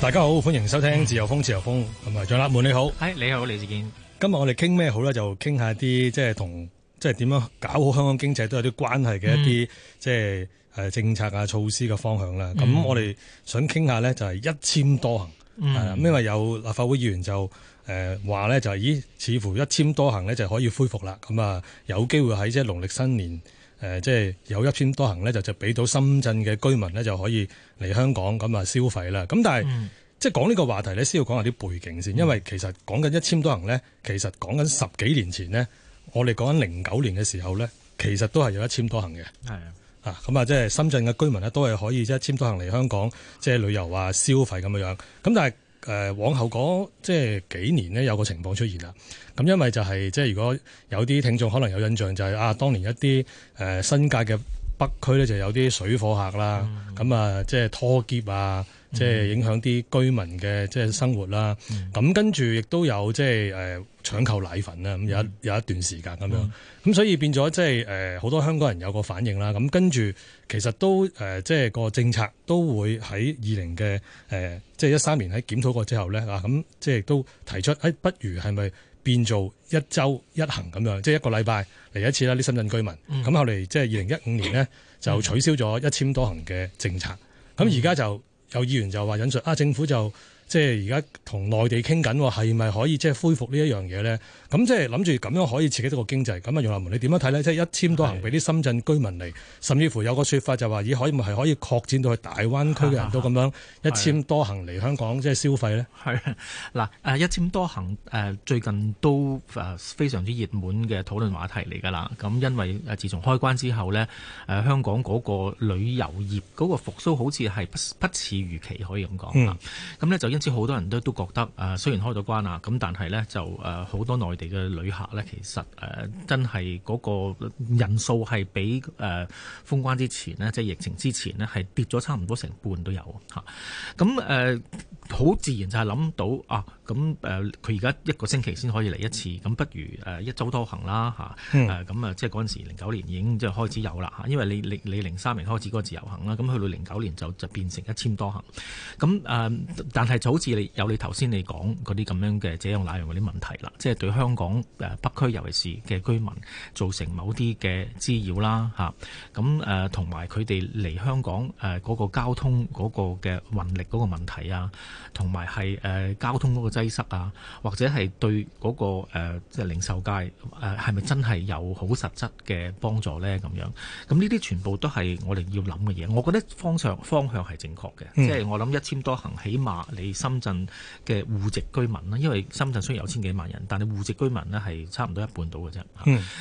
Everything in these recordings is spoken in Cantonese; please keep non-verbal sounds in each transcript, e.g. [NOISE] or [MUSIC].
大家好，歡迎收聽自由風，嗯、自由風同埋張立門你好，係、哎、你好李志堅。今日我哋傾咩好咧？就傾下啲即係同即係點樣搞好香港經濟都有啲關係嘅一啲即係誒政策啊措施嘅方向啦。咁、嗯、我哋想傾下咧就係一簽多行，咁、嗯、因為有立法會議員就誒話咧就係咦，似乎一簽多行咧就可以恢復啦。咁啊有機會喺即係農曆新年。誒，即係有一簽多行咧，就就俾到深圳嘅居民咧，就可以嚟香港，咁啊消費啦。咁但係，即係講呢個話題咧，先要講下啲背景先，因為其實講緊一簽多行咧，其實講緊十幾年前呢，我哋講緊零九年嘅時候咧，其實都係有一簽多行嘅。係啊，咁啊，即係深圳嘅居民咧，都係可以即一簽多行嚟香港，即係旅遊啊、消費咁樣樣。咁但係。誒，往後嗰即係幾年呢，有個情況出現啦。咁因為就係即係，如果有啲聽眾可能有印象，就是，就係啊，當年一啲誒、啊、新界嘅北區呢，就有啲水貨客啦。咁、嗯、啊，即、就、係、是、拖劫啊。即係影響啲居民嘅即係生活啦，咁跟住亦都有即係誒搶購奶粉啦，咁有、嗯、有一段時間咁樣，咁、嗯、所以變咗即係好多香港人有個反應啦，咁跟住其實都即係個政策都會喺二零嘅即係一三年喺檢討過之後咧，啊咁即係都提出誒不如係咪變做一週一行咁樣，即係一個禮拜嚟一次啦啲深圳居民，咁、嗯、後嚟即係二零一五年咧就取消咗一簽多行嘅政策，咁而家就。有議員就話引述啊，政府就。即係而家同內地傾緊，係咪可以即係恢復呢一樣嘢呢？咁即係諗住咁樣可以刺激到個經濟。咁啊，鍾博文，你點樣睇呢？即係一簽多行俾啲深圳居民嚟，的甚至乎有個說法就話，咦，可以係可以擴展到去大灣區嘅人都咁樣一簽多行嚟香港，的即係消費呢？係嗱，一簽多行最近都非常之熱門嘅討論話題嚟㗎啦。咁因為自從開關之後呢，香港嗰個旅遊業嗰個復甦好似係不不似預期，可以咁講咁呢就因知好多人都都覺得啊，雖然開咗關啦，咁但係呢就誒好多內地嘅旅客呢，其實誒、呃、真係嗰個人數係比誒、呃、封關之前呢，即、就、係、係、疫情之前呢，係跌咗差唔多成半都有嚇。咁、啊、誒。呃好自然就係諗到啊！咁、嗯、誒，佢而家一個星期先可以嚟一次，咁不如誒、呃、一週多行啦咁啊，啊嗯嗯呃、即係嗰陣時零九年已經即係開始有啦，因為你你你零三年開始嗰個自由行啦，咁去到零九年就就變成一簽多行。咁、嗯、誒、呃，但係就好似你有你頭先你講嗰啲咁樣嘅這樣那樣嗰啲問題啦，即係對香港誒、呃、北區尤其是嘅居民造成某啲嘅滋擾啦，咁誒同埋佢哋嚟香港誒嗰、呃那個交通嗰個嘅運力嗰個問題啊。同埋係交通嗰個擠塞啊，或者係對嗰個、呃、即係、零售界係咪真係有好實質嘅幫助咧？咁樣咁呢啲全部都係我哋要諗嘅嘢。我覺得方向方向係正確嘅，即係、嗯、我諗一簽多行，起碼你深圳嘅戶籍居民啦，因為深圳雖然有千幾萬人，但係戶籍居民呢係差唔多一半到嘅啫。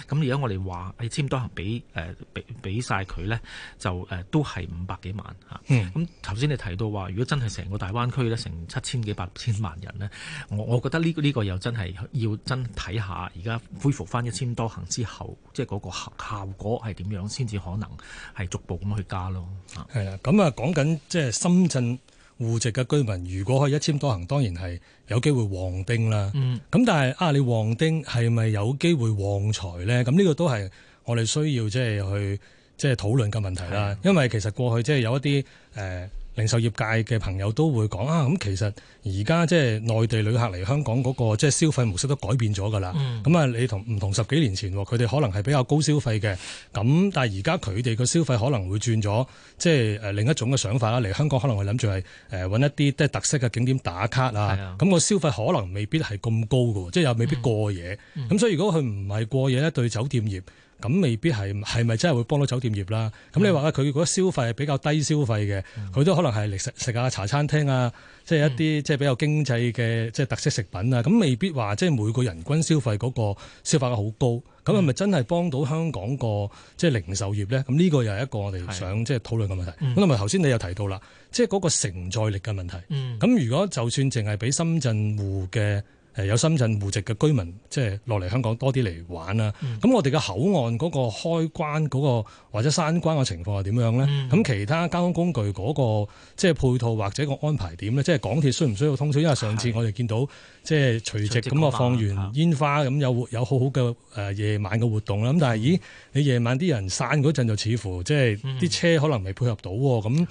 咁而家我哋話一簽多行俾誒俾俾曬佢呢，就、呃、都係五百幾萬吓。咁頭先你提到話，如果真係成個大灣區呢七千幾百千萬人呢，我我覺得呢、呢個呢、呢個又真係要真睇下，而家恢復翻一簽多行之後，即係嗰個效果係點樣，先至可能係逐步咁去加咯。係啦，咁啊講緊即係深圳戶籍嘅居民，如果可以一簽多行，當然係有機會旺丁啦。咁、嗯、但係啊，你旺丁係咪有機會旺財呢？咁呢個都係我哋需要即係去即係討論嘅問題啦。的因為其實過去即係有一啲誒。呃零售業界嘅朋友都會講啊，咁其實而家即係內地旅客嚟香港嗰個即係消費模式都改變咗㗎啦。咁啊、嗯，你同唔同十幾年前佢哋可能係比較高消費嘅，咁但係而家佢哋個消費可能會轉咗，即係誒另一種嘅想法啦。嚟香港可能係諗住係誒揾一啲即係特色嘅景點打卡啊，咁、嗯、個消費可能未必係咁高㗎喎，即係又未必過夜。咁、嗯嗯、所以如果佢唔係過夜咧，對酒店業。咁未必係係咪真係會幫到酒店業啦？咁你話啦，佢嗰消費係比較低消費嘅，佢、嗯、都可能係嚟食食下茶餐廳啊，即、就、係、是、一啲即係比較經濟嘅、嗯、即係特色食品啊。咁未必話即係每個人均消費嗰個消費得好高。咁係咪真係幫到香港個即係零售業咧？咁呢個又係一個我哋想即係討論嘅問題。咁同埋頭先你又提到啦，即係嗰個承載力嘅問題。咁、嗯、如果就算淨係俾深圳戶嘅。誒有深圳戶籍嘅居民，即係落嚟香港多啲嚟玩啊！咁、嗯、我哋嘅口岸嗰個開關嗰個或者閂關嘅情況係點樣咧？咁、嗯、其他交通工具嗰、嗰個即係配套或者個安排點咧？即係港鐵需唔需要通宵？因為上次我哋見到對即係除夕咁啊，放完煙花咁、嗯、有有好好嘅、呃、夜晚嘅活動啦。咁、嗯、但係咦，你夜晚啲人散嗰陣就似乎即係啲車可能未配合到喎咁。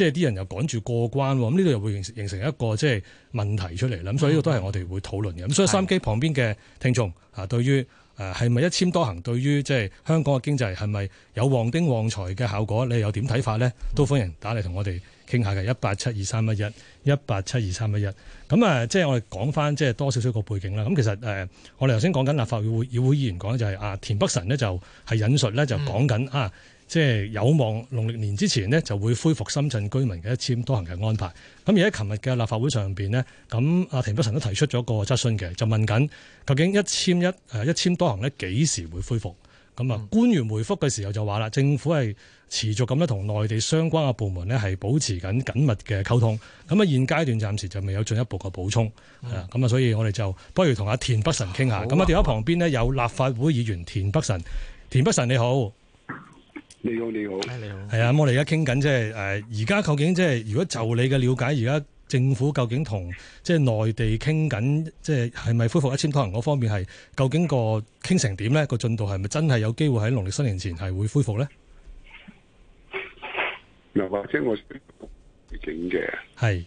即係啲人又趕住過關，咁呢度又會形成一個即係問題出嚟啦。咁所以呢個都係我哋會討論嘅。咁、嗯、所以三機旁邊嘅聽眾啊，對於誒係咪一簽多行，對於即係香港嘅經濟係咪有旺丁旺財嘅效果？你有點睇法咧？嗯、都歡迎打嚟同我哋傾下嘅。一八七二三一一一八七二三一一咁啊，即係我哋講返即係多少少個背景啦。咁其實誒，我哋頭先講緊立法會議會議員講咧、就係，就係啊田北辰呢，就係引述咧就講緊啊。即係有望農曆年之前呢就會恢復深圳居民嘅一簽多行嘅安排。咁而喺琴日嘅立法會上面呢，咁阿田北辰都提出咗個質詢嘅，就問緊究竟一簽一一簽多行呢幾時會恢復？咁啊、嗯，官員回覆嘅時候就話啦，政府係持續咁樣同內地相關嘅部門呢係保持緊緊密嘅溝通。咁啊，現階段暫時就未有進一步嘅補充。啊、嗯，咁啊，所以我哋就不如同阿田北辰傾下。咁啊，電話旁邊呢，有立法會議員田北辰。田北辰你好。你好，你好，啊、你好。係啊、嗯，我哋而家傾緊即係誒，而、呃、家究竟即係如果就你嘅了解，而家政府究竟同即係內地傾緊，即係係咪恢復一簽多行嗰方面係？究竟個傾成點咧？個進度係咪真係有機會喺農曆新年前係會恢復咧？嗱是，或者我背景嘅係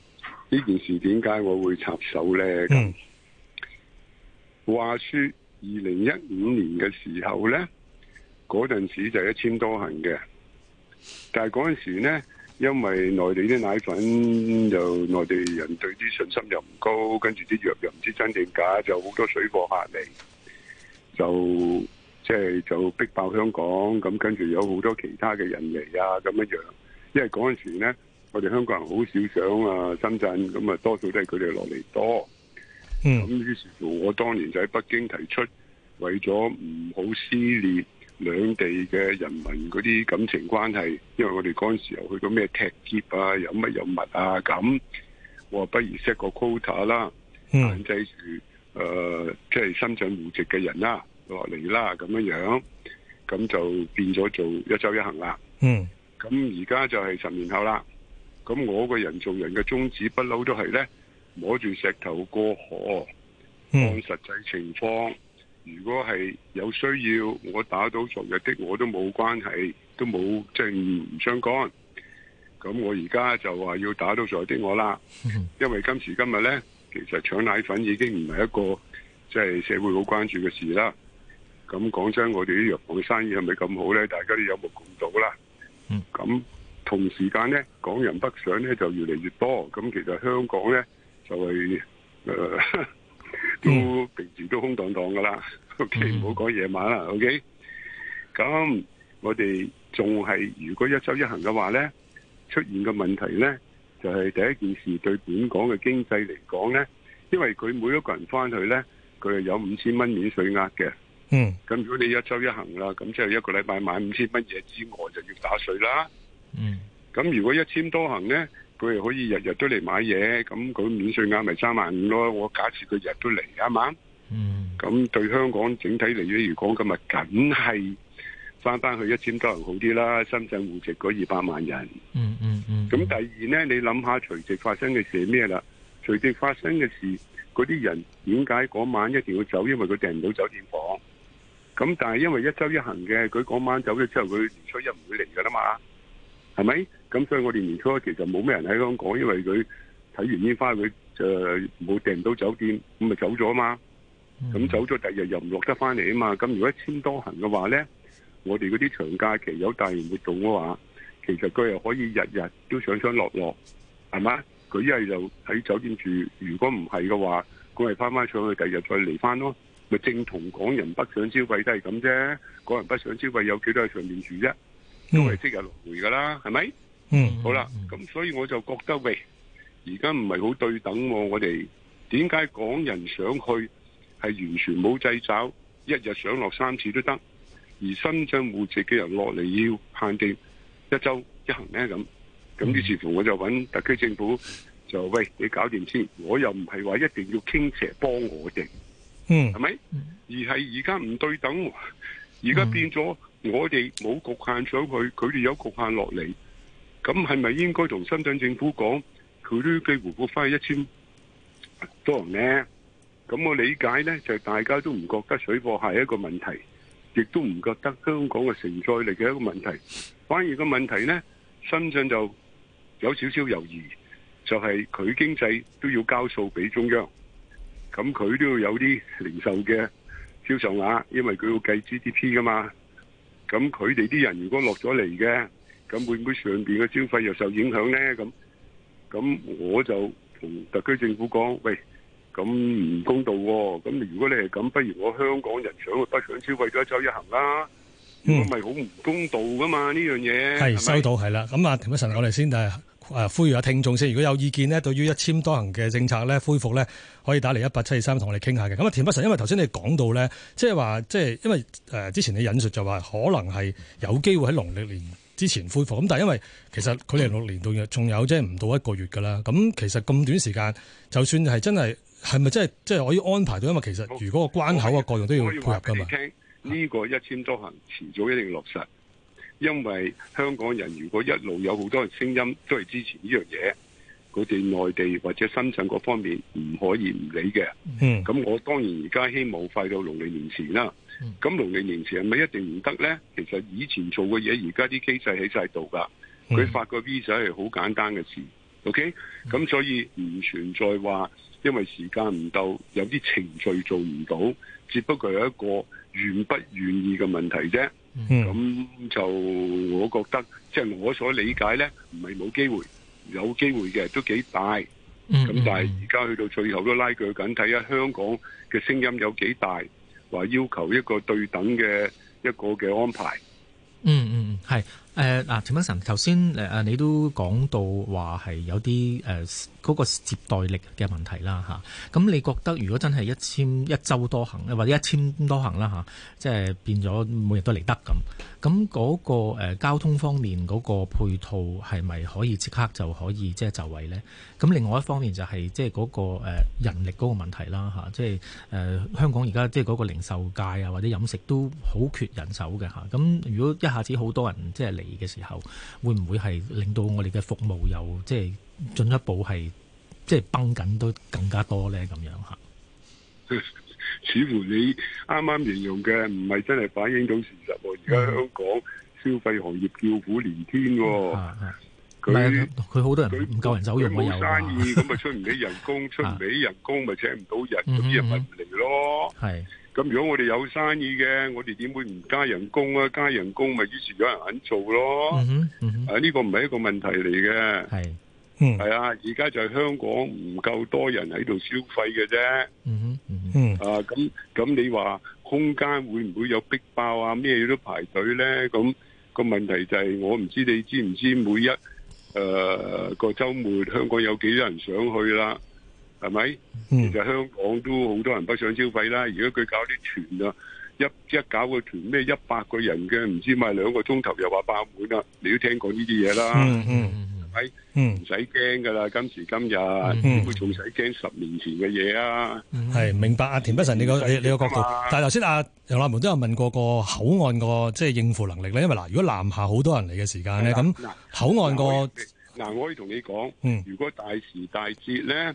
呢件事，點解我會插手咧？咁，話說二零一五年嘅時候咧。嗰陣時就一簽多行嘅，但係嗰陣時呢，因為內地啲奶粉又內地人對啲信心又唔高，跟住啲藥又唔知真定假，就好多水貨客嚟，就即係、就係、就逼爆香港，咁跟住有好多其他嘅人嚟啊，咁樣樣。因為嗰陣時呢，我哋香港人好少想啊深圳，咁啊多數都係佢哋落嚟多。嗯，咁於是乎我當年就喺北京提出，為咗唔好撕裂。兩地嘅人民嗰啲感情關係，因為我哋嗰陣時候去到咩踢劫啊，有乜有物啊咁，我話不如 set 個 quota 啦，限制住誒，即係深圳戶籍嘅人啦落嚟啦，咁樣樣，咁就變咗做一周一行啦。嗯，咁而家就係十年後啦，咁我個人做人嘅宗旨不嬲都係咧，摸住石頭過河，按實際情況。嗯如果係有需要，我打到昨日的我都冇關係，都冇，即係唔相干。咁我而家就話要打到昨日的我啦，因為今時今日呢，其實搶奶粉已經唔係一個即係、就是、社會好關注嘅事啦。咁講真，我哋啲藥房生意係咪咁好呢？大家都有目共睹啦。咁同時間呢，港人北上呢就越嚟越多。咁其實香港呢，就係、是呃都平時都空蕩蕩噶啦、mm.，OK，唔好講夜晚啦，OK。咁我哋仲係如果一週一行嘅話呢，出現嘅問題呢，就係、是、第一件事對本港嘅經濟嚟講呢，因為佢每一個人返去呢，佢係有五千蚊免稅額嘅，嗯。咁如果你一週一行啦，咁即係一個禮拜買五千蚊嘢之外就要打稅啦，嗯。咁如果一簽多行呢？佢可以日日都嚟買嘢，咁佢免稅額咪三萬五咯？我假設佢日日都嚟啊嘛，咁、嗯、對香港整體嚟講，如果今日梗係翻翻去一千多人好啲啦，深圳戶籍嗰二百萬人，嗯嗯嗯。咁、嗯嗯、第二呢，你諗下除夕發生嘅事咩啦？除夕發生嘅事，嗰啲人點解嗰晚一定要走？因為佢訂唔到酒店房。咁但係因為一周一行嘅，佢嗰晚走咗之後，佢年初一唔會嚟噶啦嘛，係咪？咁所以我哋年初其實冇咩人喺香港，因為佢睇完煙花佢就冇訂到酒店，咁咪走咗啊嘛。咁走咗第二日又唔落得翻嚟啊嘛。咁如果一簽多行嘅話咧，我哋嗰啲長假期有大型活動嘅話，其實佢又可以日日都上上落落，係嘛？佢一係就喺酒店住，如果唔係嘅話，佢咪翻翻上去，第二日再嚟翻咯。咪正同港人北上消費都係咁啫。港人北上消費有幾多喺上面住啫？Mm. 都係即日落回噶啦，係咪？嗯，嗯好啦，咁所以我就覺得喂，而家唔係好對等、啊，我哋點解港人上去係完全冇掣肘，一日上落三次都得，而深圳戶籍嘅人落嚟要限定一周一行呢？咁，咁於是乎我就揾特區政府就喂你搞掂先，我又唔係話一定要傾斜幫我哋，嗯，係咪？而係而家唔對等、啊，而家變咗我哋冇局限上去，佢哋有局限落嚟。咁係咪應該同深圳政府講，佢都幾乎過翻去一千多人呢？咁我理解呢，就是，大家都唔覺得水貨係一個問題，亦都唔覺得香港嘅承載力嘅一個問題，反而個問題呢，深圳就有少少猶豫，就係、是，佢經濟都要交數俾中央，咁佢都要有啲零售嘅銷售額，因為佢要計 GDP 噶嘛。咁佢哋啲人如果落咗嚟嘅。咁會唔會上邊嘅消費又受影響咧？咁咁我就同特區政府講喂，咁唔公道。咁如果你係咁，不如我香港人想北上消費咗一周一行啦？咁咪好唔公道噶嘛？呢、嗯、樣嘢係是收到係啦。咁啊，田北辰，我哋先誒誒、呃、呼籲下聽眾先。如果有意見呢，對於一簽多行嘅政策咧，恢復咧，可以打嚟一八七二三同我哋傾下嘅。咁啊，田北辰，因為頭先你講到咧，即係話即係，因為誒、呃、之前你引述就話可能係有機會喺農曆年。之前恢復咁，但係因為其實佢哋六年到仲有即係唔到一個月㗎啦。咁其實咁短時間，就算係真係係咪真係即係可以安排到？因為其實如果個關口各樣都要配合㗎嘛。呢個一簽多行遲早一定要落實，因為香港人如果一路有好多人聲音都係支持呢樣嘢，佢哋內地或者深圳嗰方面唔可以唔理嘅。咁我當然而家希望快到農曆年前啦。咁農曆年前係咪一定唔得呢？其實以前做嘅嘢，而家啲機制喺晒度噶。佢發個 visa 係好簡單嘅事，OK。咁所以唔存在話，因為時間唔夠，有啲程序做唔到，只不過係一個願不願意嘅問題啫。咁就我覺得，即係我所理解呢，唔係冇機會，有機會嘅都幾大。咁但係而家去到最後都拉佢去緊，睇下香港嘅聲音有幾大。話要求一個對等嘅一個嘅安排，嗯嗯，嗯，係。誒嗱，田北辰，頭先誒你都講到話係有啲誒嗰個接待力嘅問題啦咁、啊、你覺得如果真係一簽一週多行或者一簽多行啦、啊、即係變咗每日都嚟得咁，咁嗰、那個、呃、交通方面嗰個配套係咪可以即刻就可以即係就位咧？咁另外一方面就係、是、即係嗰個人力嗰個問題啦、啊、即係誒、呃、香港而家即係嗰個零售界啊或者飲食都好缺人手嘅咁、啊、如果一下子好多人即係嚟，嘅時候，會唔會係令到我哋嘅服務又即係進一步係即係繃緊都更加多咧咁樣嚇？ [LAUGHS] 似乎你啱啱形容嘅唔係真係反映到事實喎，而家香港消費行業叫苦連天喎、哦。佢好他他多人唔夠人手用啊嘛。佢冇生意咁咪出唔起人工， [LAUGHS] 出唔起人工咪是是 請唔到人，啲、嗯嗯嗯、人咪唔嚟咯。係。咁如果我哋有生意嘅，我哋點會唔加人工啊？加人工咪於是有人肯做咯。Mm hmm, mm hmm. 啊，呢、這個唔係一個問題嚟嘅。係、mm，係啊。而家就係香港唔夠多人喺度消費嘅啫。啊，咁咁你話空間會唔會有逼爆啊？咩嘢都排隊呢？咁個問題就係我唔知你知唔知每一個個周末香港有幾多人想去啦？係咪？其實香港都好多人不想消費啦。如果佢搞啲團啊，一一搞個團咩一百個人嘅，唔知咪兩個鐘頭又話爆滿啦。你都聽過呢啲嘢啦，係咪？唔使驚噶啦。今時今日，唔會仲使驚十年前嘅嘢啊。係明白啊，田北辰，你個你個角度。但係頭先阿楊立門都有問過個口岸個即係應付能力咧。因為嗱，如果南下好多人嚟嘅時間咧，咁口岸個嗱，我可以同你講，如果大時大節咧。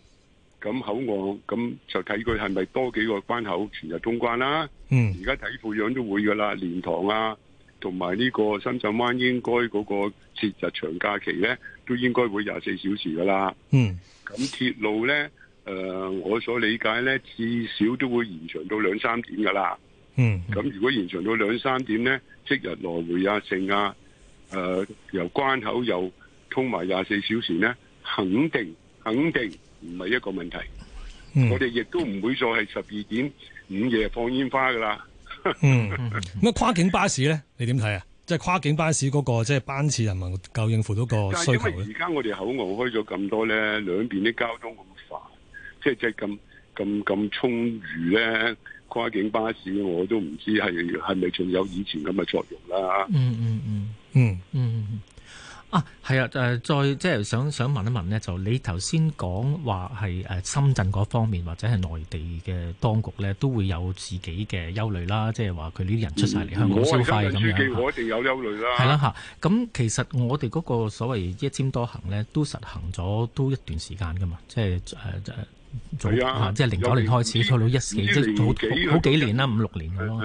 咁口岸咁就睇佢係咪多幾個關口全日通關啦。嗯，而家睇副樣都會噶啦，蓮塘啊，同埋呢個深圳灣應該嗰個節日長假期呢都應該會廿四小時噶啦。嗯，咁鐵路呢誒、呃，我所理解呢至少都會延長到兩三點噶啦。嗯，咁如果延長到兩三點呢即日來回啊，剩啊，誒、呃，由關口又通埋廿四小時呢肯定肯定。肯定唔係一個問題，嗯、我哋亦都唔會再係十二點午夜放煙花噶啦。嗯，咁啊 [LAUGHS] 跨境巴士咧，你點睇啊？即、就、係、是、跨境巴士嗰個即係班次，人民夠應付到個需求咧。而家我哋口岸開咗咁多咧，兩邊啲交通咁煩，即係即係咁咁咁充裕咧。跨境巴士我都唔知係係咪仲有以前咁嘅作用啦、嗯。嗯嗯嗯嗯嗯。嗯嗯啊，係啊，誒，再即係想想問一問呢。就你頭先講話係誒深圳嗰方面或者係內地嘅當局呢，都會有自己嘅憂慮啦，即係話佢呢啲人出晒嚟香港消費咁樣，我哋有憂慮啦。係啦嚇，咁其實我哋嗰個所謂一簽多行呢，都實行咗都一段時間噶嘛，即係早，即係零九年開始去到一幾即係好好幾年啦，五六年咁咯。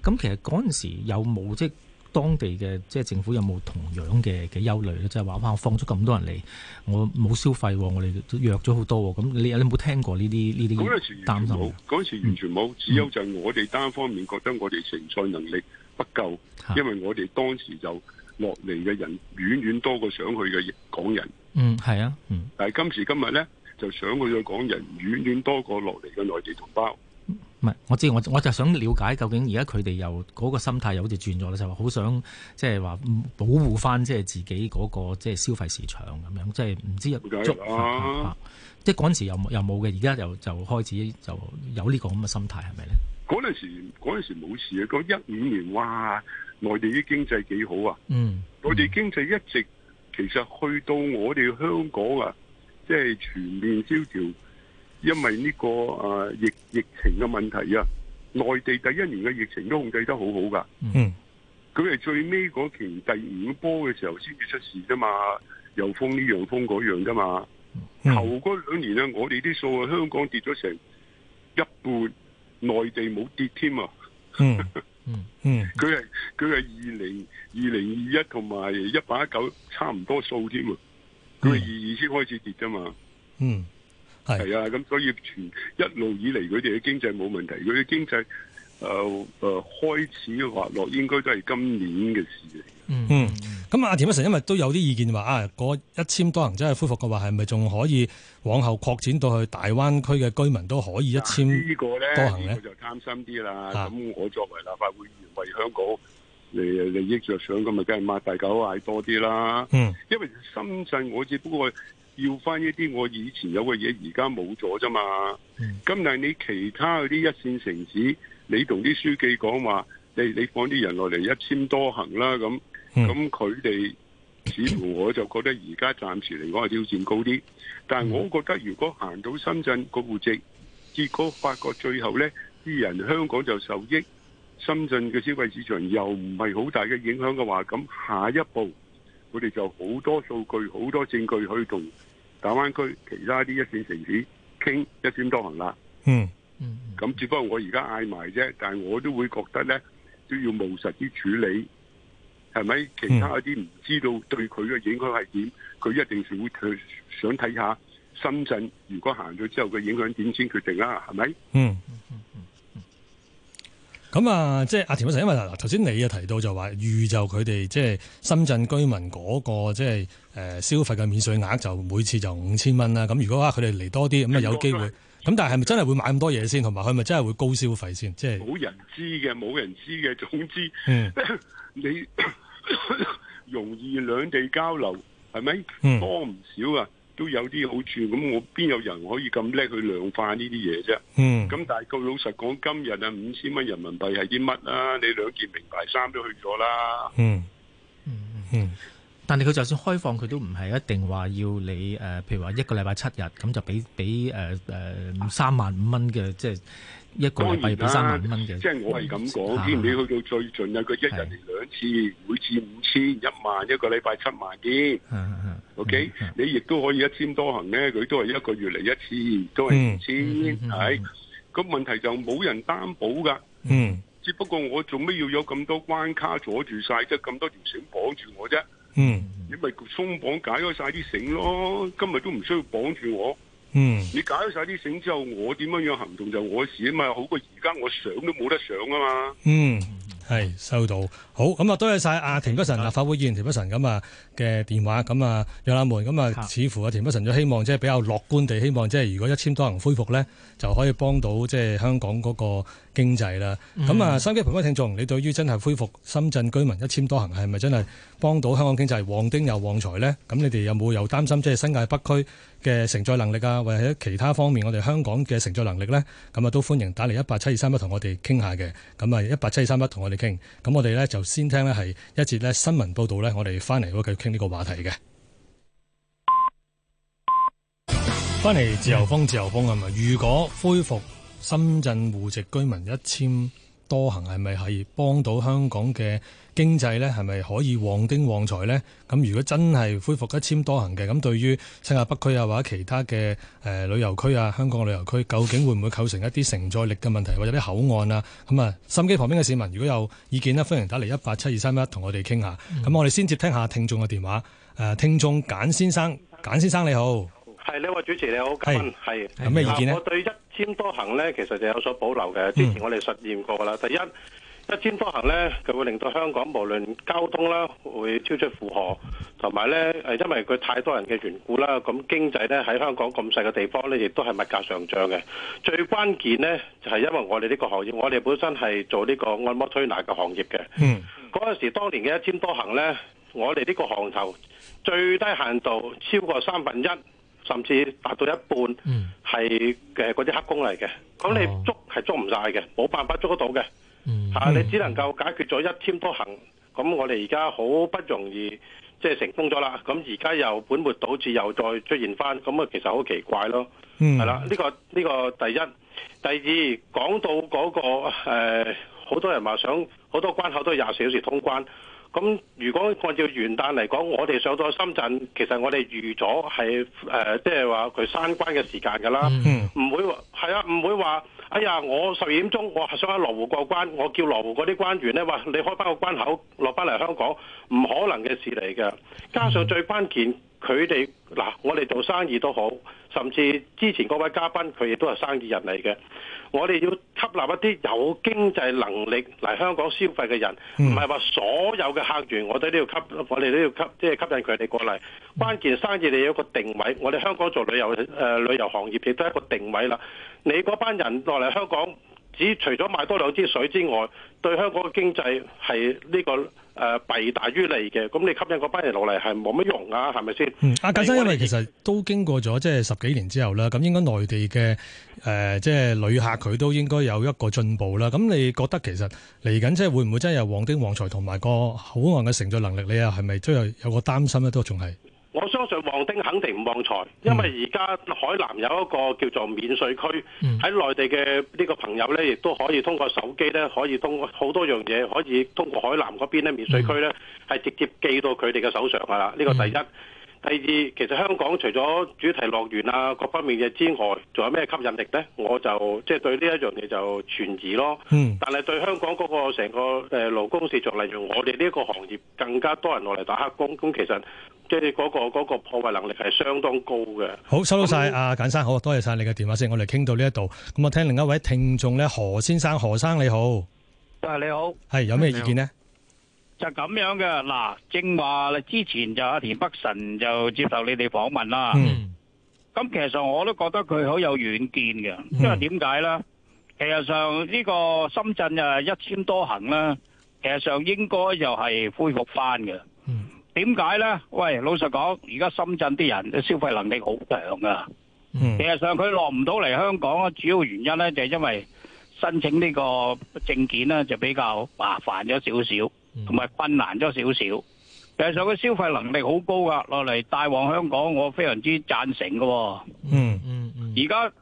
咁其實嗰陣時有冇即當地嘅即係政府有冇同樣嘅嘅憂慮咧？即係話哇，我放咗咁多人嚟，我冇消費，我哋都約咗好多。咁你有你有冇聽過呢啲呢啲擔心冇？嗰陣時完全冇，完全冇。嗯、只有就係我哋單方面覺得我哋承載能力不夠，嗯、因為我哋當時就落嚟嘅人遠遠多過想去嘅港人。嗯，係啊。嗯，但係今時今日咧，就想去嘅港人遠遠多過落嚟嘅內地同胞。我知我我就想了解究竟而家佢哋又嗰個心態又好似轉咗啦，就話好想即係話保護翻即係自己嗰個即係消費市場咁樣，即係唔知捉翻即係嗰陣時又又冇嘅，而家又就開始就有呢個咁嘅心態係咪咧？嗰陣時陣時冇事啊！嗰一五年哇，內地啲經濟幾好啊！嗯，內地經濟一直、嗯、其實去到我哋香港啊，即係全面蕭條。因為呢、這個誒、啊、疫疫情嘅問題啊，內地第一年嘅疫情都控制得好好噶。嗯，佢係最尾嗰期第五波嘅時候先至出事啫嘛，又封呢樣封嗰樣啫嘛。頭嗰、嗯、兩年啊，我哋啲數啊，香港跌咗成一半，內地冇跌添啊。嗯 [LAUGHS] 嗯嗯，佢係佢係二零二零二一同埋一八一九差唔多數添啊。佢係二二先開始跌啫嘛。嗯。係啊，咁所以全一路以嚟佢哋嘅經濟冇問題，佢啲經濟誒誒、呃呃、開始滑落，應該都係今年嘅事嚟。嗯，咁阿田一成因為都有啲意見話啊，嗰一簽多行真係恢復嘅話，係咪仲可以往後擴展到去大灣區嘅居民都可以一簽多行咧？這個呢、這個咧我就貪心啲啦。咁我作為立法會議員，為香港利利益着想的，咁咪梗係擘大口嗌多啲啦。嗯，因為深圳我只不過。要翻一啲我以前有嘅嘢，而家冇咗啫嘛。咁、嗯、但係你其他嗰啲一線城市，你同啲書記講話，你你放啲人落嚟一簽多行啦，咁咁佢哋，似乎我就覺得而家暫時嚟講係挑戰高啲。但係我覺得如果行到深圳個戶籍，結果發覺最後咧啲人香港就受益，深圳嘅消費市場又唔係好大嘅影響嘅話，咁下一步我哋就好多數據、好多證據去同。大灣區其他啲一線城市傾一簽多行啦，嗯，咁、嗯、只不過我而家嗌埋啫，但係我都會覺得咧都要務實啲處理，係咪？其他一啲唔知道對佢嘅影響係點，佢一定是會去想睇下深圳如果行咗之後嘅影響點先決定啦，係咪、嗯？嗯。咁、嗯、啊，即係阿田偉成，因為嗱，頭先你又提到就話預就佢哋即係深圳居民嗰、那個即係、呃、消費嘅免稅額就每次就五千蚊啦。咁如果話佢哋嚟多啲，咁啊有機會。咁、嗯、但係係咪真係會買咁多嘢先？同埋佢係咪真係會高消費先？即係冇人知嘅，冇人知嘅。總之，你、嗯、 [LAUGHS] [LAUGHS] 容易兩地交流係咪多唔少啊？都有啲好處，咁我邊有人可以咁叻去量化呢啲嘢啫？嗯，咁但係個老實講，今日啊五千蚊人民幣係啲乜啊？你兩件名牌衫都去咗啦。嗯嗯嗯，但係佢就算開放，佢都唔係一定話要你誒，譬如話一個禮拜七日咁就俾俾誒誒三萬五蚊嘅即係。一個月啦，即係我係咁講，既然你去到最盡啊，佢一日嚟兩次，每次五千一萬，一個禮拜七萬啲。OK，你亦都可以一簽多行咧，佢都係一個月嚟一次，都係五千。係，咁問題就冇人擔保噶。嗯，只不過我做咩要有咁多關卡阻住晒啫？咁多條繩綁住我啫？嗯，你咪鬆綁解開晒啲繩咯，今日都唔需要綁住我。嗯，你解咗晒啲繩之後，我點樣樣行動就我事啊嘛，好過而家我想都冇得想啊嘛。嗯。係收到，好咁啊，嗯，多謝晒阿田北辰立法會議員田北辰咁啊嘅電話。咁啊有眼門咁啊，似乎阿、啊、是田北辰就希望，即、就、係、是、比較樂觀地希望，即、就、係、是、如果一簽多行恢復呢，就可以幫到即係、就是、香港嗰個經濟啦。咁、嗯、啊，收機陪我啲聽眾，你對於真係恢復深圳居民一簽多行係咪真係幫到香港經濟旺丁又旺財呢？咁你哋有冇有擔心即係、就是、新界北區嘅承載能力啊，或者其他方面我哋香港嘅承載能力呢？咁啊都歡迎打嚟一八七二三一同我哋傾下嘅，咁啊一八七二三一同我哋。傾咁，我哋咧就先聽呢係一節呢新聞報道呢。我哋翻嚟會繼續傾呢個話題嘅。翻嚟自由風，自由風啊！係咪？如果恢復深圳戶籍居民一簽。多行係咪係幫到香港嘅經濟呢？係咪可以旺丁旺財呢？咁如果真係恢復一簽多行嘅，咁對於青霞北區啊，或者其他嘅，誒、呃、旅遊區啊，香港旅遊區，究竟會唔會構成一啲承載力嘅問題，或者啲口岸啊？咁啊，心機旁邊嘅市民，如果有意見呢，歡迎打嚟，一八七二三一同我哋傾下。咁、嗯、我哋先接聽下聽眾嘅電話。誒、呃，聽眾簡先生，簡先生你好。係呢位主持你好，嘉賓。係有咩意見咧？我對一簽多行咧，其實就有所保留嘅。之前我哋實驗過噶啦，嗯、第一一簽多行咧，佢會令到香港無論交通啦，會超出負荷，同埋咧，因為佢太多人嘅緣故啦。咁經濟咧喺香港咁細嘅地方咧，亦都係物價上漲嘅。最關鍵咧，就係、是、因為我哋呢個行業，我哋本身係做呢個按摩推拿嘅行業嘅。嗯，嗰時當年嘅一簽多行咧，我哋呢個行頭最低限度超過三分一。甚至達到一半，係嘅嗰啲黑工嚟嘅，咁、嗯、你捉係捉唔晒嘅，冇辦法捉得到嘅，嚇你只能夠解決咗一簽多行，咁我哋而家好不容易即係成功咗啦，咁而家又本末倒置又再出現翻，咁啊其實好奇怪咯，係、嗯、啦，呢、這個呢、這個第一，第二講到嗰、那個好、呃、多人話想好多關口都係廿四小時通關。咁如果按照元旦嚟講，我哋上咗深圳，其實我哋預咗係誒即係話佢閂關嘅時間噶啦，嗯，唔會話係啊，唔會話哎呀，我十二點鐘我係想喺羅湖過關，我叫羅湖嗰啲關員咧話你開翻個關口落翻嚟香港，唔可能嘅事嚟嘅，加上最關鍵。嗯佢哋嗱，我哋做生意都好，甚至之前嗰位嘉賓佢亦都係生意人嚟嘅。我哋要吸納一啲有經濟能力嚟香港消費嘅人，唔係話所有嘅客源，我哋都要吸，我哋都要吸，即係吸引佢哋過嚟。關鍵生意你有一個定位，我哋香港做旅遊誒、呃、旅遊行業，亦都係一個定位啦。你嗰班人落嚟香港。只除咗買多兩支水之外，對香港嘅經濟係呢、這個誒、呃、弊大於利嘅。咁你吸引嗰班人落嚟係冇乜用啊？係咪先？阿簡生，啊、是因為其實都經過咗即係十幾年之後啦，咁應該內地嘅誒、呃、即係旅客佢都應該有一個進步啦。咁你覺得其實嚟緊即係會唔會真係有旺丁旺財同埋個口岸嘅承載能力？你又係咪都有個擔心咧？都仲係？我相信旺丁肯定唔旺財，因為而家海南有一個叫做免稅區，喺內地嘅呢個朋友咧，亦都可以通過手機咧，可以通過好多樣嘢，可以通過海南嗰邊咧，免稅區咧，係直接寄到佢哋嘅手上噶啦。呢個第一。嗯第二，其實香港除咗主題樂園啊，各方面嘅之外，仲有咩吸引力呢？我就即係、就是、對呢一樣嘢就存疑咯。嗯，但係對香港嗰個成個誒勞工市場，例如我哋呢一個行業更加多人落嚟打黑工，咁其實即係嗰個嗰、嗰個破壞能力係相當高嘅。好，收到晒，阿、嗯啊、簡生，好多謝晒你嘅電話先我，我哋傾到呢一度。咁我聽另一位聽眾咧，何先生，何生你好。喂，你好。係、啊、有咩意見呢？就咁樣嘅嗱、啊，正話你之前就阿田北辰就接受你哋訪問啦。咁、嗯、其實我都覺得佢好有遠見嘅，嗯、因為點解咧？其實上呢個深圳啊，一千多行啦，其實上應該就係恢復翻嘅。點解咧？喂，老實講，而家深圳啲人嘅消費能力好強啊。嗯、其實上佢落唔到嚟香港，主要原因咧就係、因為申請呢個證件咧就比較麻煩咗少少。同埋、嗯、困難咗少少，其實佢消費能力好高噶，落嚟帶往香港，我非常之贊成嘅、嗯。嗯嗯嗯，而家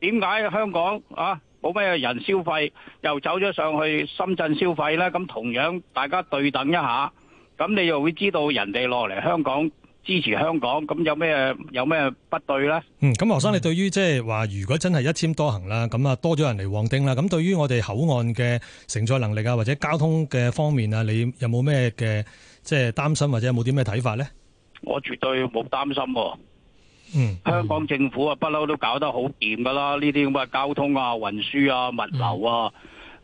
點解香港啊冇咩人消費，又走咗上去深圳消費呢？咁同樣大家對等一下，咁你又會知道人哋落嚟香港。支持香港咁有咩有咩不對呢？嗯，咁何生你對於即係話如果真係一簽多行啦，咁啊多咗人嚟旺丁啦，咁對於我哋口岸嘅承載能力啊，或者交通嘅方面啊，你有冇咩嘅即係擔心或者有冇啲咩睇法呢？我絕對冇擔心。嗯，香港政府啊，不嬲都搞得好掂噶啦，呢啲咁嘅交通啊、運輸啊、物流啊，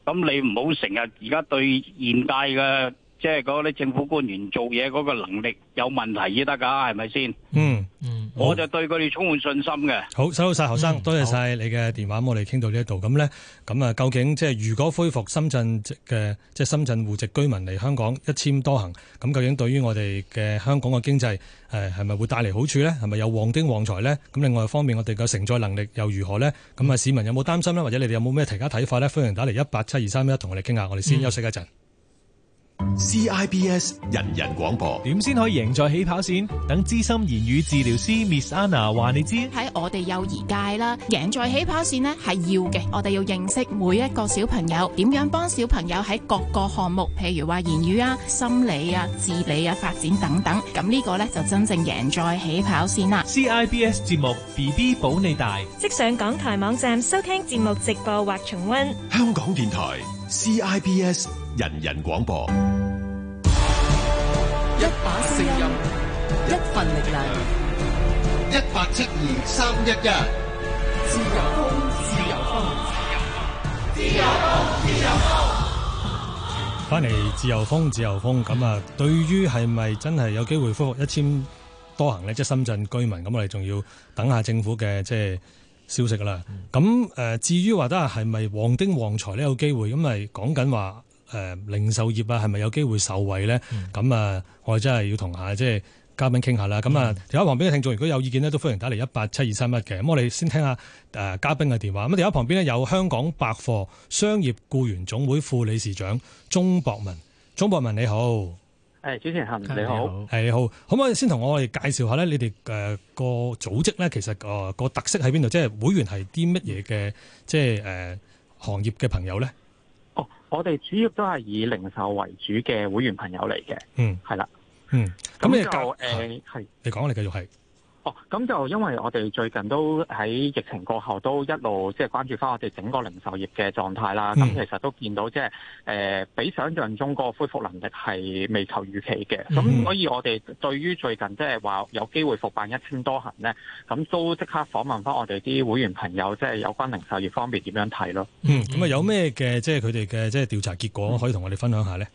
咁你唔好成日而家對現界嘅。即係嗰啲政府官員做嘢嗰個能力有問題先得噶，係咪先？嗯嗯，哦、我就對佢哋充滿信心嘅。好，收到晒，侯生，多謝晒你嘅電話我，我哋傾到呢一度。咁呢，咁啊，究竟即係如果恢復深圳嘅即係深圳戶籍居民嚟香港一簽多行，咁究竟對於我哋嘅香港嘅經濟，呃係咪會帶嚟好處呢？係咪有旺丁旺財呢？咁另外一方面，我哋嘅承載能力又如何呢？咁啊，市民有冇擔心呢？或者你哋有冇咩其他睇法呢？歡迎打嚟一八七二三一，同我哋傾下。我哋先休息一陣。嗯 CIBS 人人廣播，點先可以贏在起跑線？等資深言語治療師 Miss Anna 話你知喺我哋幼兒界啦，贏在起跑線呢係要嘅。我哋要認識每一個小朋友，點樣幫小朋友喺各個項目，譬如話言語啊、心理啊、自理啊、發展等等。咁呢個呢，就真正贏在起跑線啦。CIBS 節目 BB 保你大，即上港台網站收聽節目直播或重溫。香港電台。CIBS, 人人廣播，一把聲音，一份力量，一八七二三一一自，自由風，自由風，自由風，自由風，自由風。翻嚟自由風，自由風，咁 [LAUGHS] 啊，對於係咪真係有機會恢復一簽多行呢？即係深圳居民咁，我哋仲要等下政府嘅即係。消息啦，咁誒至於話得係咪旺丁旺財呢？有機會，咁咪講緊話誒零售業啊，係咪有機會受惠咧？咁啊、嗯，我哋真係要同下即係嘉賓傾下啦。咁啊、嗯，電話旁邊嘅聽眾如果有意見咧，都歡迎打嚟一八七二三一嘅。咁我哋先聽下誒嘉賓嘅電話。咁啊，電話旁邊咧有香港百貨商業僱員總會副理事長鍾博文，鍾博文你好。誒，主持人你好，係你好，可唔可以先同我哋介紹下咧？你哋誒個組織咧，其實誒、呃、個特色喺邊度？即係會員係啲乜嘢嘅？即係誒、呃、行業嘅朋友咧？哦，我哋主要都係以零售為主嘅會員朋友嚟嘅。嗯，係啦的，嗯，咁你就誒，係就，呃、你講，你繼是續係。哦，咁就因為我哋最近都喺疫情過後都一路即係關注翻我哋整個零售業嘅狀態啦。咁、嗯、其實都見到即係誒，比想象中個恢復能力係未夠預期嘅。咁、嗯、所以我哋對於最近即係話有機會復辦一簽多行咧，咁都即刻訪問翻我哋啲會員朋友，即係有關零售業方面點樣睇咯。嗯，咁啊有咩嘅即係佢哋嘅即係調查結果可以同我哋分享下咧？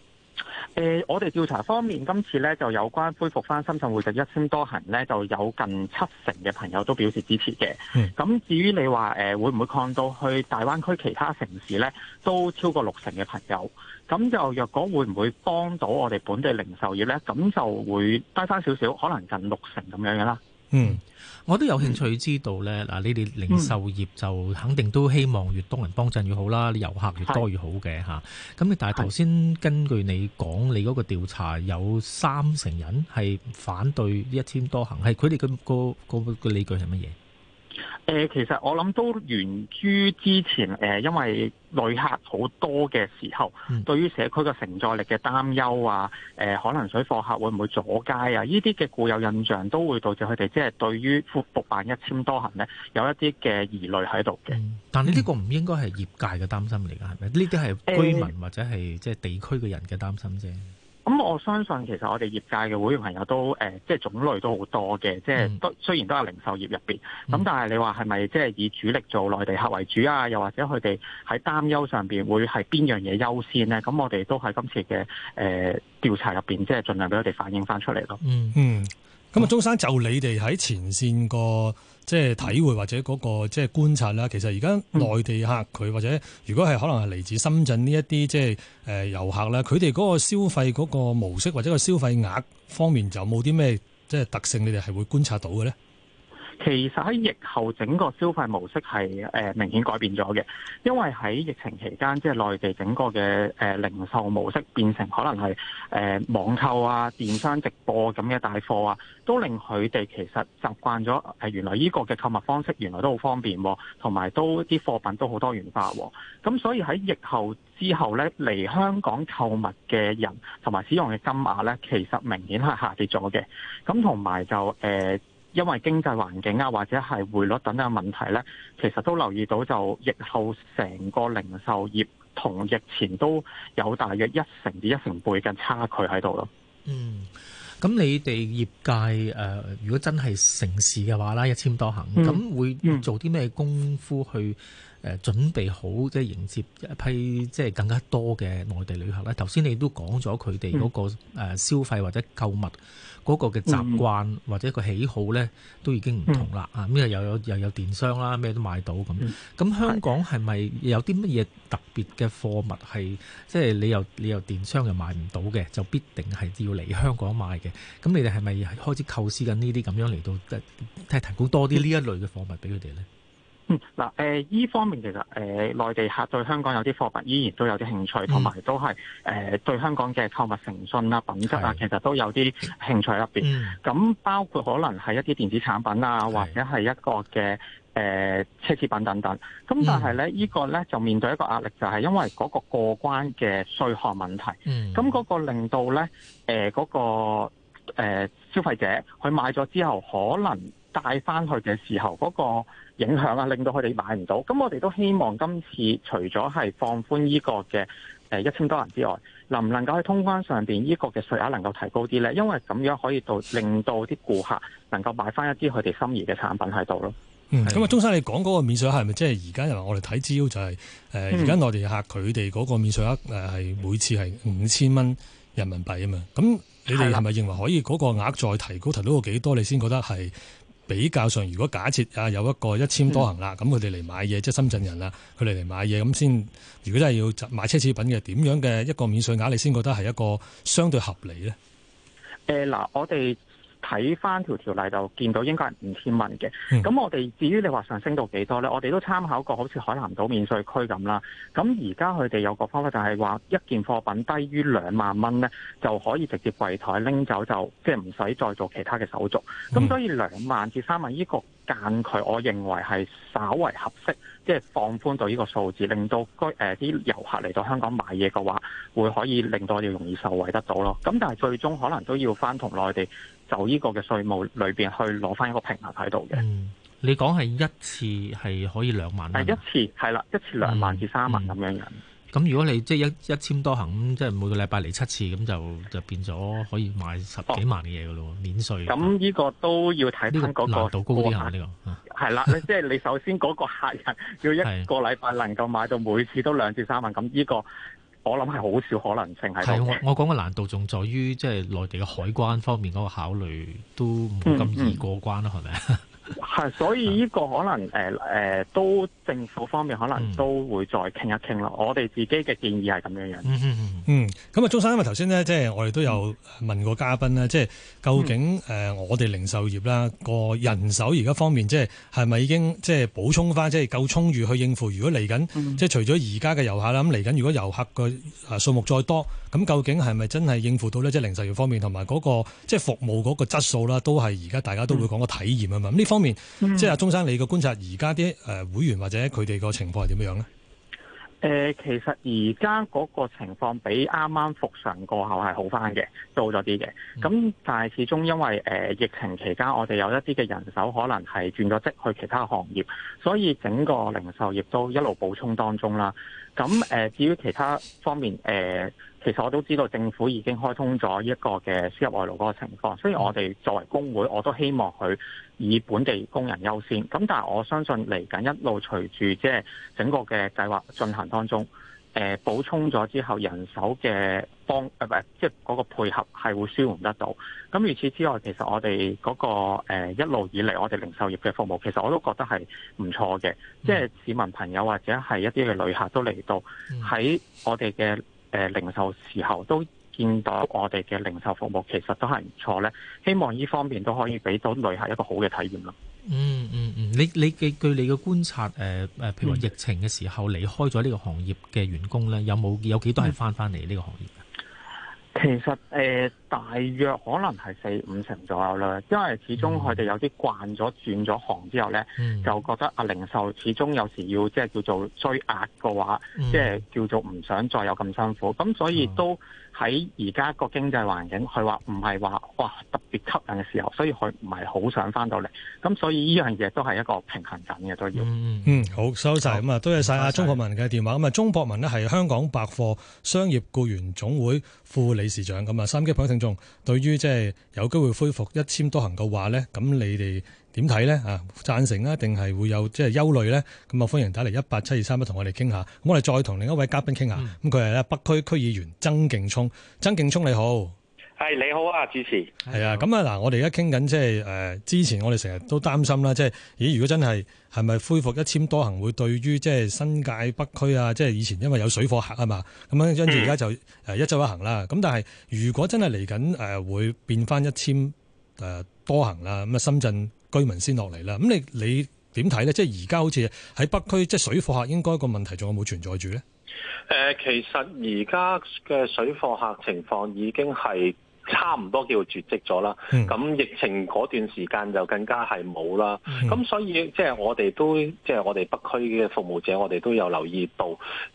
誒、呃，我哋調查方面今次咧，就有關恢復翻深圳戶籍一簽多行咧，就有近七成嘅朋友都表示支持嘅。咁、嗯、至於你話誒、呃，會唔會擴到去大灣區其他城市咧？都超過六成嘅朋友。咁就若果會唔會幫到我哋本地零售業咧？咁就會低翻少少，可能近六成咁樣嘅啦。嗯。我都有興趣知道咧嗱，嗯、你哋零售業就肯定都希望越多人幫襯越好啦，遊客越多越好嘅嚇。咁的但係頭先根據你講，你嗰個調查有三成人係反對一簽多行，係佢哋個個個、嗰個理據係乜嘢？誒、呃，其實我諗都源於之前誒、呃，因為旅客好多嘅時候，嗯、對於社區嘅承載力嘅擔憂啊，誒、呃，可能水貨客會唔會阻街啊？呢啲嘅固有印象都會導致佢哋即係對於復辦一簽多行咧，有一啲嘅疑慮喺度嘅。但係呢個唔應該係業界嘅擔心嚟噶，係咪、嗯？呢啲係居民或者係即係地區嘅人嘅擔心啫。咁我相信其實我哋業界嘅會員朋友都即係、呃、種類都好多嘅，即係都雖然都係零售業入面。咁但係你話係咪即係以主力做內地客為主啊？又或者佢哋喺擔憂上面會係邊樣嘢優先咧？咁我哋都喺今次嘅誒、呃、調查入面，即係盡量俾佢哋反映翻出嚟咯、嗯。嗯嗯，咁啊，鍾生就你哋喺前線個，即係體會或者嗰個即係觀察啦。其實而家內地客佢或者如果係可能係嚟自深圳呢一啲即係誒遊客啦，佢哋嗰個消費嗰個模式或者個消費額方面，就冇啲咩即係特性，你哋係會觀察到嘅咧？其實喺疫後整個消費模式係誒、呃、明顯改變咗嘅，因為喺疫情期間，即係內地整個嘅誒、呃、零售模式變成可能係誒、呃、網購啊、電商直播咁嘅帶貨啊，都令佢哋其實習慣咗誒、呃、原來呢個嘅購物方式原來都好方便啊，同埋都啲貨品都好多元化啊。咁所以喺疫後之後咧，嚟香港購物嘅人同埋使用嘅金額咧，其實明顯係下跌咗嘅。咁同埋就誒。呃因為經濟環境啊，或者係匯率等等嘅問題呢，其實都留意到就疫後成個零售業同疫前都有大約一成至一成倍嘅差距喺度咯。嗯，咁你哋業界、呃、如果真係成事嘅話啦，一簽多行，咁會做啲咩功夫去？嗯嗯誒準備好即係迎接一批即係更加多嘅內地旅客咧。頭先你都講咗佢哋嗰個誒消費或者購物嗰個嘅習慣或者個喜好咧，都已經唔同啦啊！咁又有又有電商啦，咩都買到咁。咁香港係咪有啲乜嘢特別嘅貨物係即係你又你又電商又買唔到嘅，就必定係要嚟香港買嘅？咁你哋係咪開始構思緊呢啲咁樣嚟到即係提供多啲呢一類嘅貨物俾佢哋咧？嗯，嗱、呃，依方面其實誒，內、呃、地客對香港有啲貨品依然都有啲興趣，同埋、嗯、都係誒、呃、對香港嘅購物誠信啊、品質啊，其實都有啲興趣入面咁、嗯、包括可能係一啲電子產品啊，嗯、或者係一個嘅誒奢侈品等等。咁但係咧，嗯、個呢個咧就面對一個壓力，就係因為嗰個過關嘅稅項問題。咁嗰、嗯、個令到咧誒嗰個、呃、消費者佢買咗之後可能。帶翻去嘅時候，嗰個影響啊，令到佢哋買唔到。咁我哋都希望今次除咗係放寬呢個嘅一千多人之外，能唔能夠喺通關上邊呢個嘅稅額能夠提高啲呢？因為咁樣可以到令到啲顧客能夠買翻一啲佢哋心儀嘅產品喺度咯。咁啊、嗯，鍾生你講嗰個免稅額係咪即係而家？因為我哋睇招就係而家內地客佢哋嗰個免稅額係每次係五千蚊人民幣啊嘛。咁你哋係咪認為可以嗰個額再提高？提高到幾多你先覺得係？比較上，如果假設啊有一個一簽多行啦，咁佢哋嚟買嘢，即係深圳人啦，佢哋嚟買嘢咁先。如果真係要買奢侈品嘅，點樣嘅一個免稅額，你先覺得係一個相對合理咧？誒嗱、呃，我哋。睇翻條條例就見到應該係五千蚊嘅，咁我哋至於你話上升到幾多呢？我哋都參考過好似海南島免稅區咁啦，咁而家佢哋有個方法就係話一件貨品低於兩萬蚊呢，就可以直接櫃台拎走就，就即係唔使再做其他嘅手續。咁所以兩萬至三萬呢個。間佢我認為係稍為合適，即係放寬到呢個數字，令到嗰誒啲遊客嚟到香港買嘢嘅話，會可以令到我哋容易受惠得到咯。咁但係最終可能都要返同內地就呢個嘅稅務裏邊去攞返一個平衡喺度嘅。嗯，你講係一次係可以兩萬？誒，一次係啦，嗯，一次兩萬至三萬咁樣嘅。咁如果你即係一一簽多行即係每個禮拜嚟七次咁，就就變咗可以買十幾萬嘅嘢嘅咯，免稅。咁呢個都要睇翻嗰個，個難度高啲啊！呢、這個係啦，了 [LAUGHS] 即係你首先嗰個客人要一個禮拜能夠買到每次都兩至三萬，咁呢個我諗係好少可能性係。我我講嘅難度仲在於即係、就是、內地嘅海關方面嗰個考慮都冇咁易過關啦，係咪、嗯嗯係，所以呢個可能誒誒、呃，都政府方面可能都會再傾一傾咯。嗯、我哋自己嘅建議係咁樣樣。嗯咁啊，鍾生，因為頭先呢，即係我哋都有問過嘉賓啦，即係、嗯、究竟誒，我哋零售業啦，個人手而家方面，即係係咪已經即係補充翻，即係夠充裕去應付？如果嚟緊，嗯、即係除咗而家嘅遊客啦，咁嚟緊如果遊客嘅數目再多，咁究竟係咪真係應付到呢？即係零售業方面同埋嗰個即係服務嗰個質素啦，都係而家大家都會講個體驗啊嘛。呢、嗯、方。即係阿鍾生，你嘅觀察而家啲誒會員或者佢哋個情況係點樣呢？誒、嗯，其實而家嗰個情況比啱啱復常過後係好翻嘅，都好咗啲嘅。咁但係始終因為誒、呃、疫情期間，我哋有一啲嘅人手可能係轉咗職去其他行業，所以整個零售業都一路補充當中啦。咁誒、呃，至於其他方面，誒、呃，其實我都知道政府已經開通咗一個嘅輸入外勞嗰個情況，所以我哋作為工會，我都希望佢。以本地工人優先，咁但係我相信嚟緊一路隨住即係整個嘅計劃進行當中，誒、呃、補充咗之後人手嘅幫誒唔、呃、即係嗰個配合係會舒緩得到。咁除此之外，其實我哋嗰、嗰個誒、呃、一路以嚟，我哋零售業嘅服務其實我都覺得係唔錯嘅，嗯、即係市民朋友或者係一啲嘅旅客都嚟到喺我哋嘅誒零售時候都。見到我哋嘅零售服務其實都係唔錯呢，希望呢方面都可以俾到旅客一個好嘅體驗咯。嗯嗯嗯，你你據據你嘅觀察，誒、呃、誒，譬如話疫情嘅時候離開咗呢個行業嘅員工呢、嗯、有冇有幾多係翻翻嚟呢個行業？嗯嗯、其實誒。呃大約可能係四五成左右啦，因為始終佢哋有啲慣咗轉咗行之後呢，嗯、就覺得啊零售始終有時要即係叫做追壓嘅話，嗯、即係叫做唔想再有咁辛苦。咁所以都喺而家個經濟環境，佢話唔係話哇特別吸引嘅時候，所以佢唔係好想返到嚟。咁所以呢樣嘢都係一個平衡緊嘅都要。嗯，好，收晒。咁啊，多謝晒阿鍾博文嘅電話。咁啊，鍾博文呢係香港百貨商業僱員總會副理事長，咁啊，三機派定。對於即係有機會恢復一簽多行嘅話們怎看呢，咁你哋點睇呢？啊，贊成啊，定係會有即係憂慮呢？咁啊，歡迎打嚟一八七二三一，同我哋傾下。咁我哋再同另一位嘉賓傾下。咁佢係北區區議員曾勁聰。曾勁聰你好。係你好啊，主持。係啊，咁啊嗱，我哋而家傾緊即係誒，之前我哋成日都擔心啦，即係咦，如果真係係咪恢復一簽多行，會對於即係新界北區啊，即係以前因為有水貨客啊嘛，咁樣跟住而家就誒一週一行啦。咁但係如果真係嚟緊誒會變翻一簽誒多行啦，咁啊深圳居民先落嚟啦。咁你你點睇咧？即係而家好似喺北區，即係水貨客應該個問題仲有冇存在住咧？誒，其實而家嘅水貨客情況已經係。差唔多叫絕跡咗啦，咁疫情嗰段時間就更加係冇啦，咁所以即係我哋都即係、就是、我哋北區嘅服務者，我哋都有留意到，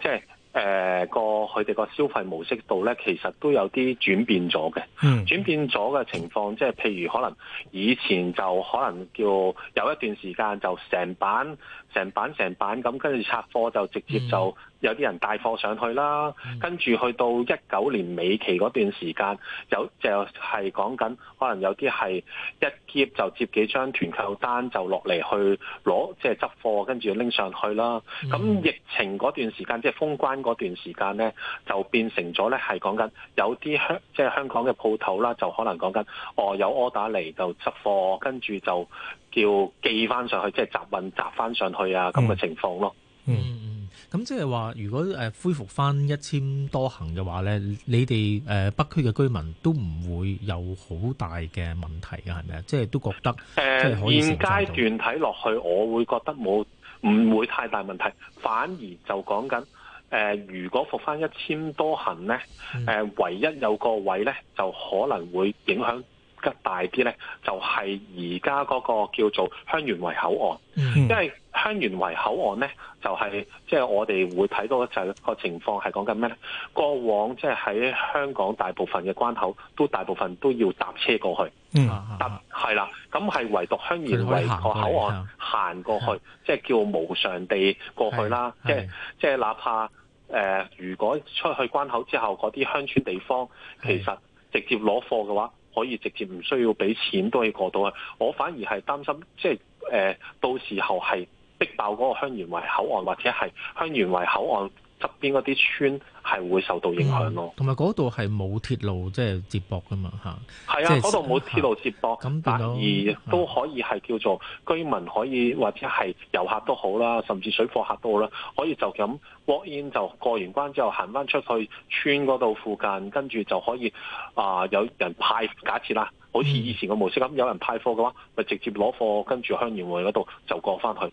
即係誒個。佢哋個消費模式度咧，其實都有啲轉變咗嘅。嗯、轉變咗嘅情況，即係譬如可能以前就可能叫有一段時間就成版、成版、成版咁，跟住拆貨就直接就有啲人帶貨上去啦。嗯、跟住去到一九年尾期嗰段時間，有就係講緊可能有啲係一劫，就接幾張團購單就落嚟去攞，即係執貨跟住拎上去啦。咁、嗯、疫情嗰段時間，嗯、即係封關嗰段時間咧。就變成咗咧，係講緊有啲香即係香港嘅鋪頭啦，就可能講緊哦，有 order 嚟就執貨，跟住就叫寄翻上去，即係集運集翻上去啊咁嘅情況咯、嗯。嗯嗯，咁、嗯、即係話，如果誒恢復翻一簽多行嘅話咧，你哋誒北區嘅居民都唔會有好大嘅問題啊，係咪啊？即係都覺得誒、呃，現階段睇落去，我會覺得冇唔會太大問題，反而就講緊。誒，如果復翻一簽多行咧，誒，唯一有一個位咧，就可能會影響得大啲咧，就係而家嗰個叫做香園圍口岸，因為。香園圍口岸咧，就係即係我哋會睇到就個情況係講緊咩咧？過往即係喺香港大部分嘅關口，都大部分都要搭車過去。嗯，搭係啦。咁係唯獨香園圍個口岸行過，過去，的即係叫無償地過去啦。的即係的即係，哪怕誒、呃，如果出去關口之後，嗰啲鄉村地方其實直接攞貨嘅話，可以直接唔需要俾錢都可以過到嘅。我反而係擔心，即係誒、呃，到時候係。逼爆嗰個香園圍口岸，或者係香園圍口岸側邊嗰啲村係會受到影響咯。同埋嗰度係冇鐵路即係、就是、接駁㗎嘛？吓，係啊，嗰度冇鐵路接駁，但而都可以係叫做、嗯、居民可以或者係遊客都好啦，甚至水貨客都好啦，可以就咁 walk in 就過完關之後行翻出去村嗰度附近，跟住就可以啊、呃！有人派，假設啦，好似以前嘅模式咁，有人派貨嘅話，咪直接攞貨，跟住香園圍嗰度就過翻去。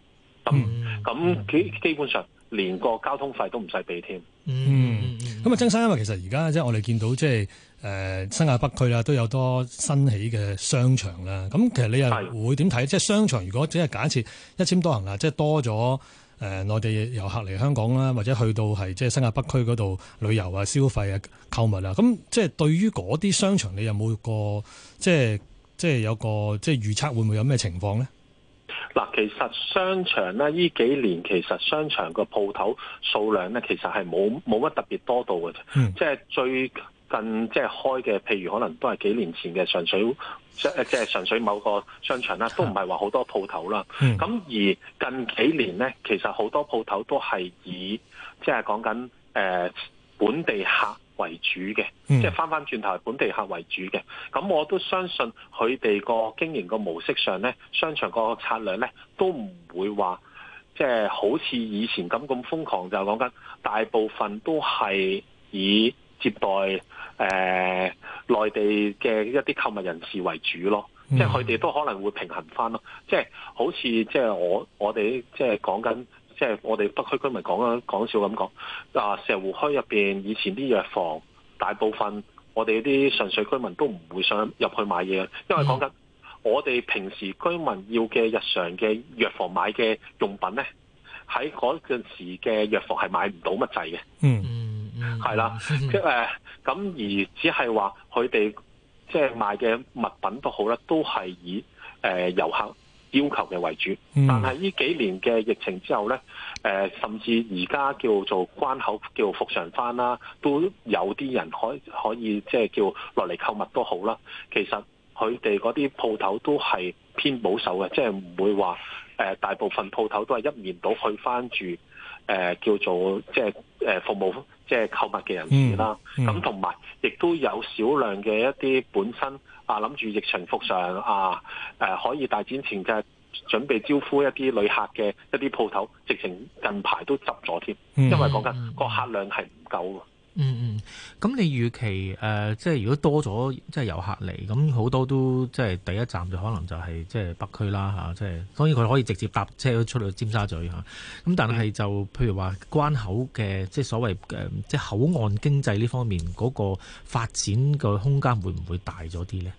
嗯，咁基、嗯、基本上連個交通費都唔使俾添。嗯，咁啊、嗯，曾生，因為其實而家即係我哋見到即係誒，新界北區啦都有多新起嘅商場啦。咁其實你又會點睇？是的 即係商場如果只係假設一簽多行啦，即係多咗誒內地遊客嚟香港啦，或者去到係即係新界北區嗰度旅遊啊、消費啊、購物啊，咁即係對於嗰啲商場，你有冇個即係即係有個即係預測會唔會有咩情況咧？嗱，其實商場咧，呢幾年其實商場個鋪頭數量咧，其實係冇冇乜特別多到嘅啫。即係、嗯、最近即係開嘅，譬如可能都係幾年前嘅，上水，即係上水某個商場啦，都唔係話好多鋪頭啦。咁、嗯、而近幾年咧，其實好多鋪頭都係以即係講緊誒本地客。嗯、為主嘅，即係翻翻轉頭本地客為主嘅，咁我都相信佢哋個經營個模式上咧，商場個策略咧都唔會話即係好似以前咁咁瘋狂，就係講緊大部分都係以接待誒、呃、內地嘅一啲購物人士為主咯，嗯、即係佢哋都可能會平衡翻咯，即係好似即係我我哋即係講緊。即係我哋北區居民講啦，講笑咁講啊，石湖墟入邊以前啲藥房，大部分我哋啲純粹居民都唔會想入去買嘢，因為講緊我哋平時居民要嘅日常嘅藥房買嘅用品咧，喺嗰陣時嘅藥房係買唔到乜滯嘅。嗯，係啦，即係誒，咁、呃、而只係話佢哋即係賣嘅物品都好啦，都係以誒遊、呃、客。要求嘅為主，但係呢幾年嘅疫情之後呢、呃，甚至而家叫做關口叫做復常翻啦，都有啲人可以可以即係叫落嚟購物都好啦。其實佢哋嗰啲鋪頭都係偏保守嘅，即係唔會話、呃、大部分鋪頭都係一面倒去翻住、呃、叫做即係服務即係、就是、購物嘅人士啦。咁同埋亦都有少量嘅一啲本身。啊！諗住疫情復常啊，誒、啊啊啊，可以大展拳腳，準備招呼一啲旅客嘅一啲鋪頭直情近排都執咗添，因為講、那、緊個客量係唔夠，嗯嗯，咁、嗯、你預期、呃、即係如果多咗即係遊客嚟，咁好多都即係第一站就可能就係、是、即係北區啦吓、啊，即係當然佢可以直接搭車出去尖沙咀吓，咁、啊、但係就、嗯、譬如話關口嘅即係所謂即係口岸經濟呢方面嗰、那個發展個空間會唔會大咗啲呢？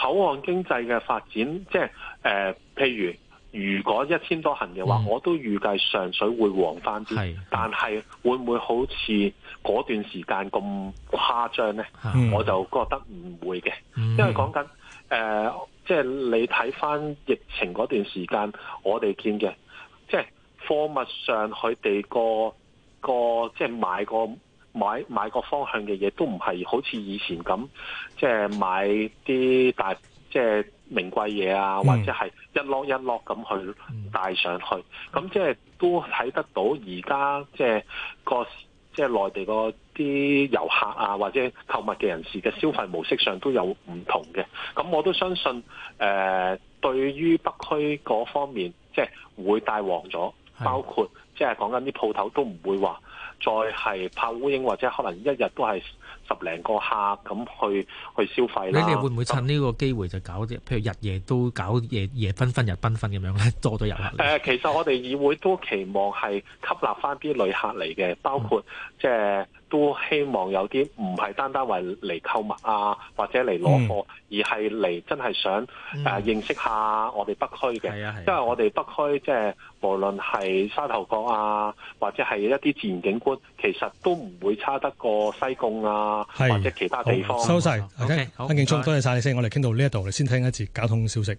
口岸經濟嘅發展，即係、呃、譬如如果一簽多行嘅話，嗯、我都預計上水會旺翻啲，是但係會唔會好似？嗰段時間咁誇張咧，嗯、我就覺得唔會嘅，嗯、因為講緊誒，即、呃、係、就是、你睇返疫情嗰段時間，我哋見嘅，即係貨物上佢哋個個即係、就是、買個買買個方向嘅嘢，都唔係好似以前咁，即、就、係、是、買啲大即係、就是、名貴嘢啊，嗯、或者係一籮一籮咁去帶上去，咁即係都睇得到而家即係個。即係內地嗰啲遊客啊，或者購物嘅人士嘅消費模式上都有唔同嘅，咁我都相信誒、呃，對於北區嗰方面，即係會帶旺咗，包括即係講緊啲鋪頭都唔會話。再係拍烏蠅，或者可能一日都係十零個客咁去去消費啦。你哋會唔會趁呢個機會就搞啲，譬如日夜都搞夜夜繽紛、日繽紛咁樣咧，多咗人？誒，其實我哋議會都期望係吸納翻啲旅客嚟嘅，包括、嗯、即係。都希望有啲唔係單單為嚟購物啊，或者嚟攞貨，嗯、而係嚟真係想誒、嗯啊、認識下我哋北區嘅。啊啊、因為我哋北區即係、就是、無論係沙頭角啊，或者係一啲自然景觀，其實都唔會差得過西貢啊，啊或者其他地方。收晒，好，曾勁聰，多謝晒你先、嗯，我哋傾到呢一度，我哋先聽一次交通消息。